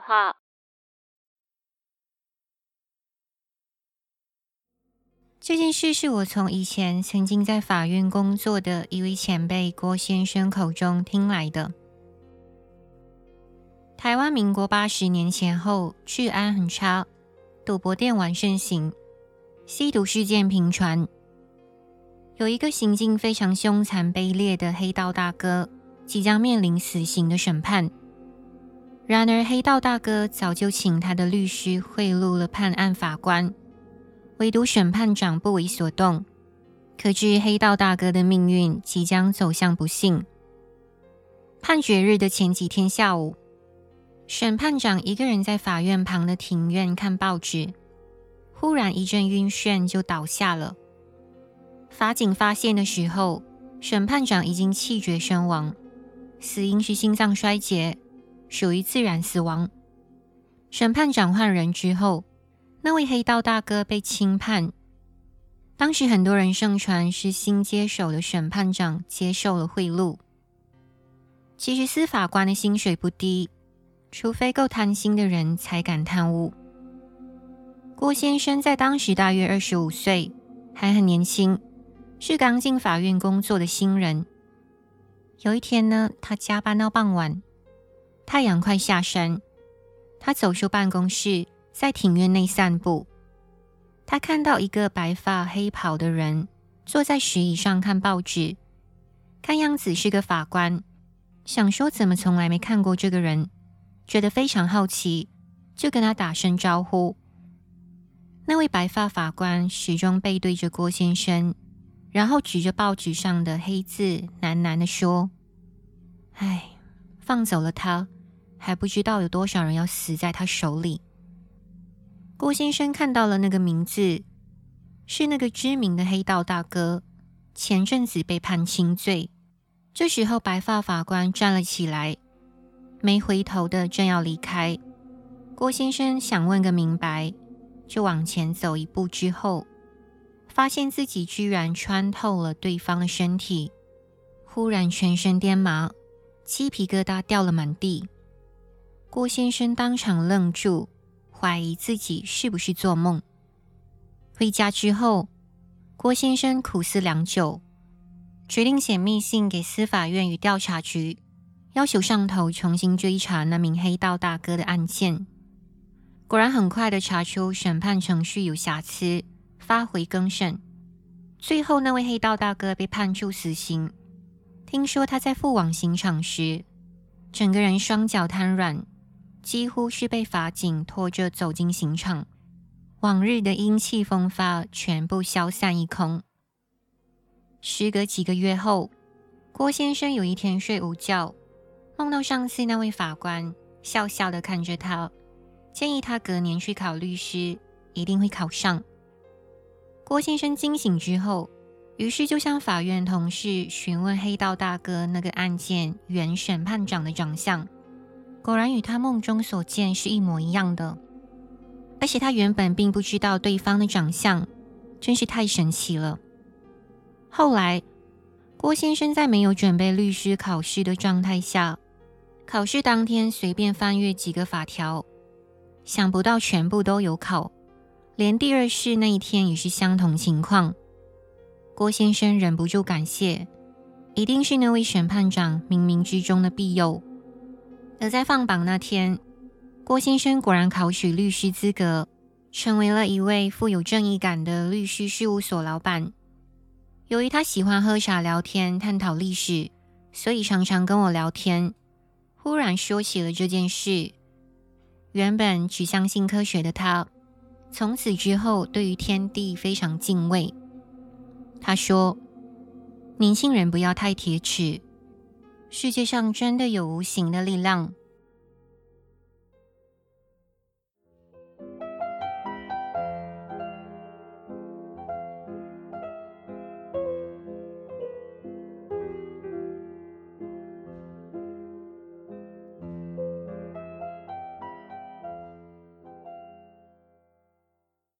話，這件事是我從以前曾經在法院工作的一位前輩郭先生口中聽來的。台灣民國八十年前後，治安很差，賭博、電玩盛行，吸毒事件頻傳。有一個行徑非常兇殘、卑劣的黑道大哥，即將面臨死刑的審判。然而，黑道大哥早就請他的律師賄賂了判案法官，唯獨審判長不為所動。可知黑道大哥的命運即將走向不幸。判決日的前幾天下午，審判長一個人在法院旁的庭院看報紙，忽然一陣暈眩就倒下了。法警發現的時候，審判長已經氣絕身亡，死因是心臟衰竭，屬於自然死亡。審判長換人之後，那位黑道大哥被輕判。當時很多人盛傳是新接手的審判長接受了賄賂。其實司法官的薪水不低，除非夠貪心的人才敢貪污。郭先生在當時大約二十五歲，還很年輕，是剛進法院工作的新人。有一天呢，他加班到傍晚。太陽快下山，他走出辦公室，在庭院內散步。他看到一個白髮黑袍的人坐在石椅上看報紙，看樣子是個法官。想說怎麼從來沒看過這個人，覺得非常好奇，就跟他打聲招呼。那位白髮法官始終背對着郭先生，然後指着報紙上的黑字，喃喃的說：“哎，放走了他。”還不知道有多少人要死在他手裡。郭先生看到了那個名字，是那個知名的黑道大哥，前陣子被判輕罪。這時候，白髮法官站了起來，沒回頭的正要離開。郭先生想問個明白，就往前走一步之後，發現自己居然穿透了對方的身體，忽然全身電麻，雞皮疙瘩掉了滿地。郭先生當場愣住，懷疑自己是不是做夢。回家之後，郭先生苦思良久，決定寫密信給司法院與調查局，要求上頭重新追查那名黑道大哥的案件。果然，很快的查出審判程序有瑕疵，發回更審。最後，那位黑道大哥被判處死刑。聽說他在赴往刑場時，整個人雙腳癱軟。幾乎是被法警拖着走進刑場，往日的英氣風發全部消散一空。時隔幾個月後，郭先生有一天睡午覺，夢到上次那位法官笑笑的看着他，建議他隔年去考律師，一定會考上。郭先生驚醒之後，於是就向法院同事詢問黑道大哥那個案件原審判長的長相。果然與他夢中所見是一模一樣的，而且他原本並不知道對方的長相，真是太神奇了。後來，郭先生在沒有準備律師考試的狀態下，考試當天隨便翻閱幾個法條，想不到全部都有考，連第二試那一天也是相同情況。郭先生忍不住感謝，一定是那位審判長冥冥之中的庇佑。而在放榜那天，郭先生果然考取律師資格，成為了一位富有正義感的律師事務所老闆。由於他喜歡喝茶、聊天、探討歷史，所以常常跟我聊天。忽然說起了這件事，原本只相信科學的他，從此之後對於天地非常敬畏。他說：“年輕人不要太鐵齒。”世界上真的有無形的力量。